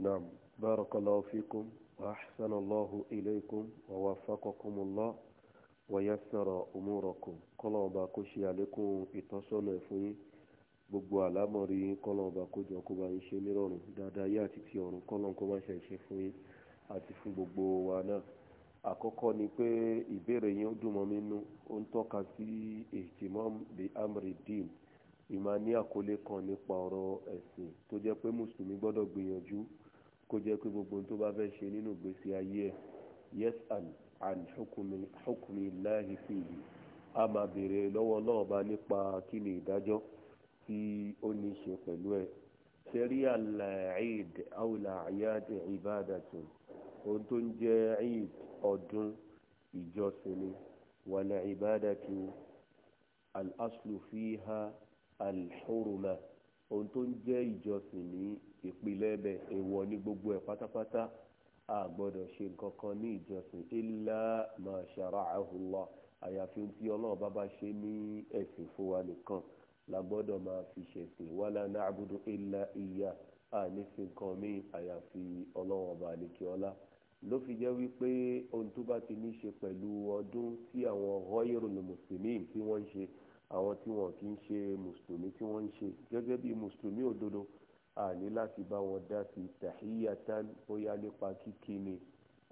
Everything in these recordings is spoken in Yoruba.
نعم بارك الله فيكم وأحسن الله إليكم ووفقكم الله ويسر أموركم kọ́lọ́n ọba kó ṣe àlékún ìtọ́sọ́nà gbogbo àlámọ̀rí yín kọ́lọ́n ọba kó bá yín ṣe nírọ̀rùn dáadáa yé àti ti ọ̀run kó má ṣe gbogbo wa náà àkọ́kọ́ ni pé ìbéèrè yín ó dùn mọ́ mi nú ó bi amri din ìmọ̀ ní àkọlé kan nípa ọ̀rọ̀ ẹ̀sìn tó jẹ́ kó jẹ́ pé gbogbo tó bá fẹ́ ṣe nínú ìgbésí ayé ẹ̀ yes and and hukumi hukumi láhi fìlì a máa béèrè lọ́wọ́ náà bá nípa kí ni ìdájọ́ tí ó ní í ṣe pẹ̀lú ẹ̀ ṣẹ́rí al-eid awla ayad ohun tó ń jẹ́ eid ọdún ìjọsìn wàlẹ̀ ibadatu al-aslu fiha al-huruma. al aslu fiha al ohun tó ń jẹ́ ìjọsìn ní ìpìlẹ̀ ẹbẹ̀ èèwọ̀ ní gbogbo ẹ̀ pátápátá a gbọ́dọ̀ ṣe nǹkan kan ní ìjọsìn illa ma shara'ahu Allah àyàfi tí ọlọ́run bá bá ṣe ní ẹ̀sìn fún wa nìkan la gbọ́dọ̀ máa fi ṣẹ̀sìn wala na'budu illa iya a ní fi nǹkan míì àyàfi ọlọ́run ọba àlekè ló fi jẹ́ wípé ohun tó bá ti ní ṣe pẹ̀lú ọdún tí àwọn ọ̀họ́ ìrùn mùsùlùmí tí wọ́n ń ṣe àwọn tí wọn kì í ṣe mùsùlùmí tí wọ́n ń ṣe gẹ́gẹ́ bí mùsùlùmí òdodo a láti bá wọn dá sí tahiyatan bóyá nípa kíkí ni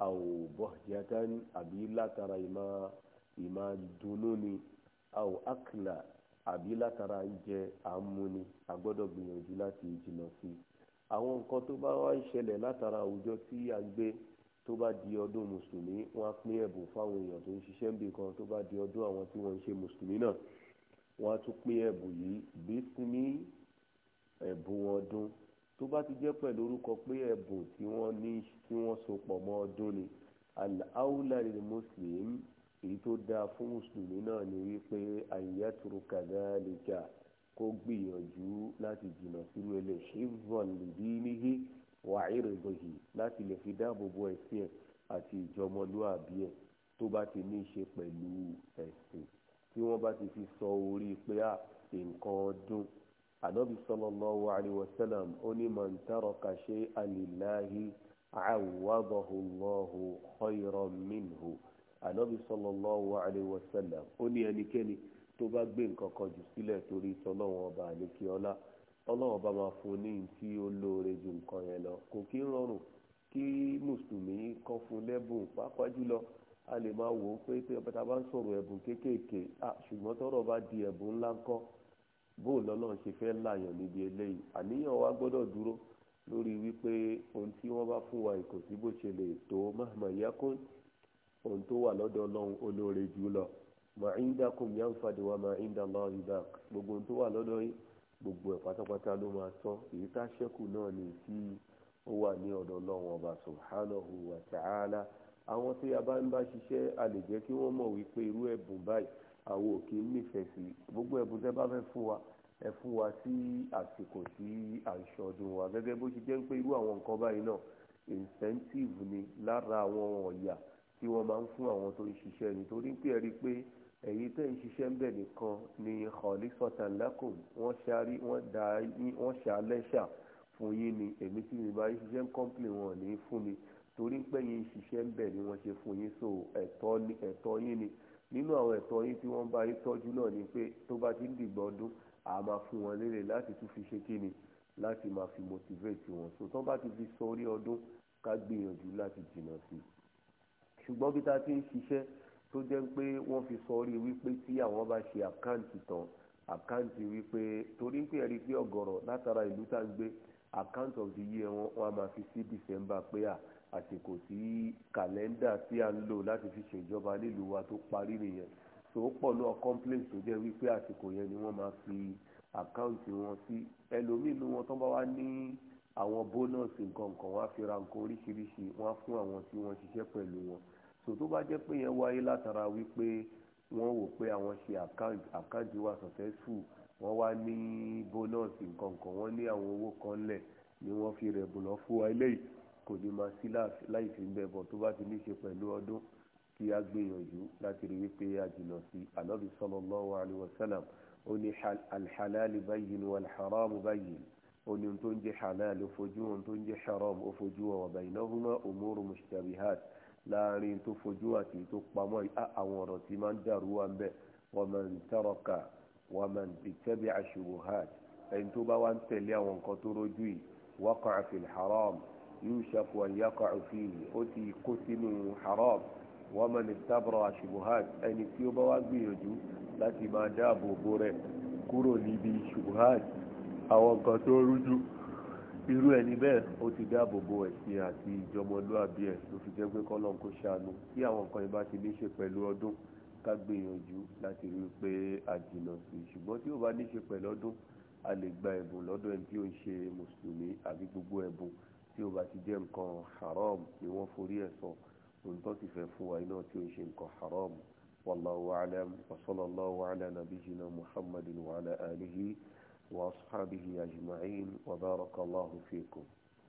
àwò bọ́jàtán àbí látara ìmọ̀ ìmọ̀ dunnú ni àwò akla àbí látara jẹ àmúni a gbọ́dọ̀ gbìyànjú láti jìnnà sí i àwọn nǹkan tó bá wá ń ṣẹlẹ̀ látara àwùjọ tí a gbé tó bá di ọdún mùsùlùmí wọ́n á pín ẹ̀bùn fáwọn èèyàn tó ń ṣiṣẹ́ níbì kan tó bá di ọdún àwọn tí wọ́n ń ṣe mùsùlùmí náà wọ́n á tún pé ẹ̀bùn yìí bísímì ẹ̀bùn ọdún tó bá ti jẹ́ pẹ̀lú orúkọ pé ẹ̀bùn tí wọ́n ní tí wọ́n so pọ̀ mọ́ ọdún ni al-awlal muslim èyí tó dáa fún mùsùlùmí náà ni wípé ayatollah kadalika kó gbìyànjú láti jìnnà sírú ẹlẹ́ ṣíwọ́n níhí wà ìrìnbọ̀yì láti lè fi dáàbò bo àti ìjọmọlúàbí ẹ̀ tó bá ti ní í ṣe pẹ̀lú ẹ̀sìn tí wọ́n bá ti fi sọ orí pé à nǹkan ọdún ànábì sallallahu alaihi wasallam ó ní man taraka shay'an lillahi awadahu Allahu khayran minhu ànábì sallallahu alaihi wasallam ó ní ẹnikẹ́ni tó bá gbé nǹkan kan jù sílẹ̀ torí tọ́lọ́wọ́n ọba àlékí ọlá ọlọ́wọ́n bá máa fún ní tí ó ju nǹkan yẹn lọ kò kí ń rọrùn kí mùsùlùmí kọ́ fún lẹ́bùn pàápàá jùlọ a lè máa wò ó pé pé ọ̀pẹ̀ta bá ń sọ̀rọ̀ ẹ̀bùn kéékèèké ṣùgbọ́n tọ́rọ̀ bá di ẹ̀bùn ńlá ńkọ́ bóun lọ́nà ṣe fẹ́ láàyàn níbi eléyìí àníyàn wa gbọ́dọ̀ dúró lórí wípé ohun tí wọ́n bá fún wa kò sí bó ṣe lè tó ohun tó wà lọ́dọ̀ ọlọ́run olóore jù lọ ma ma inda gbogbo ohun tó wà lọ́dọ̀ yìí gbogbo ẹ̀ pátápátá ló máa èyí náà ní tí ó wà ní ọ̀dọ̀ ọlọ́run ọba subhanahu wa àwọn tí a bá ń bá ṣiṣẹ́ a lè jẹ́ kí wọ́n mọ̀ wípé irú ẹ̀bùn báyìí àwọn ò kì í nífẹ̀ẹ́ sí gbogbo ẹ̀bùn tẹ́ bá fẹ́ fún wa ẹ fún wa sí àsìkò tí à ń ṣọdún wa gẹ́gẹ́ bó ṣe jẹ́ pé irú àwọn nǹkan báyìí náà incentive ni lára àwọn ọ̀yà tí wọ́n máa ń fún àwọn tó ń ṣiṣẹ́ nítorí pé ẹ pé ẹ̀yin tẹ́ ń ṣiṣẹ́ ń bẹ̀ nìkan ni ọ̀lẹ́ sọ̀tàn lákùn wọ́n ṣarí wọ́n dá yín wọ́n ṣàlẹ́ṣà fún yín ni èmi tí mi bá ń ṣiṣẹ́ ń kọ́ńpìlì wọn ní fún mi torí pé ṣiṣẹ́ ń bẹ̀ ni wọ́n ṣe fún yín so ẹ̀tọ́ yín ni nínú àwọn ẹ̀tọ́ yín tí wọ́n bá yín tọ́jú náà ni pé tó bá ti ń dìgbà ọdún a máa fún wọn lélẹ̀ láti tún fi ṣe kíni láti máa fi motivate wọn so tó bá ti fi sọ orí ọdún ká gbìyànjú láti jìnnà sí i ṣùgbọ́n bí ta ti ń ṣiṣẹ́ tó jẹ́ pé wọ́n fi sọ orí wípé tí àwọn bá ṣe àkáǹtì tán àkáǹtì wípé torí pé ẹ̀rí pé ọ̀gọ̀rọ̀ látara ìlú tá ń gbé account of the year wọn wọn a máa fi sí December pé à àsìkò tí kàlẹ́ndà tí a ń lò láti fi ṣèjọba nílùú wa tó parí nìyẹn tó pọ̀ náà complaint tó jẹ́ wípé àsìkò yẹn ni wọ́n máa fi àkáǹtì wọn sí ẹlòmínú wọn tó bá wá ní àwọn bónọ́ọ̀sì nǹkan kan wọ́n á fi ra nǹkan oríṣiríṣi wọ́n á fún àwọn tí wọ́n ṣiṣẹ́ pẹ̀lú wọn so tó bá jẹ́ pé yẹn wáyé látara wípé wọ́n wò pé àwọn ṣe àkáǹtì wa successful wọ́n wá ní bónọ́ọ̀sì nǹkan kan wọ́n ní àwọn owó kan lẹ̀ ni wọ́n fi rẹ̀ bùnà fún wa eléyìí kò ní máa sí láì fi ń bẹ̀ bọ̀ tó bá ti ní í ṣe pẹ̀lú ọdún kí a gbìyànjú láti rí wípé a jìnnà sí ànábì sallallahu alaihi wasallam ó ní alḥaláàlì bayyin walḥaram bayyin ó ní tó ń jẹ́ halal ó fojú ohun tó ń jẹ́ haram ó fojú wa wa baynahuma umuru mushtabihat láàrin tó fojú àti tó pamọ́ àwọn ọ̀rọ̀ tí máa ń dàrú wa ń bẹ̀ wa man taraka wa man ittabi'a shubuhat ẹni tó bá wá ń tẹ̀lé àwọn nǹkan tó rojú yìí waqa'a fil يوشك أن يقع فيه أتي قتل حرام ومن استبرع شبهات أن يتيوب وبيجو láti máa dáàbò bò rẹ̀ kúrò níbi ṣubhat àwọn nǹkan tó rújú irú ẹni bẹ́ẹ̀ ó ti dáàbò bò ẹ̀sìn àti ìjọmọlúàbí ẹ̀ ló fi jẹ́ pé kọ́lọ́n kó ṣàánú tí àwọn nǹkan yìí ti ní ṣe pẹ̀lú ọdún ká gbìyànjú láti rí i pé a jìnà sí i ṣùgbọ́n tí ó bá ní ṣe pẹ̀lú ọdún a lè gba ẹ̀bùn lọ́dọ̀ ẹni tí ó ń ṣe mùsùlùmí àbí gbogbo ẹ̀bùn tí ó bá ti jẹ́ nǹkan haram ni wọ́n forí ẹ̀ sọ ohun tó ti fẹ́ fún wa iná tí ó ń ṣe nǹkan haram wallahu alam wa sallallahu ala nabiyina muhammadin wa alihi wa ashabihi ajma'in wa barakallahu fikum.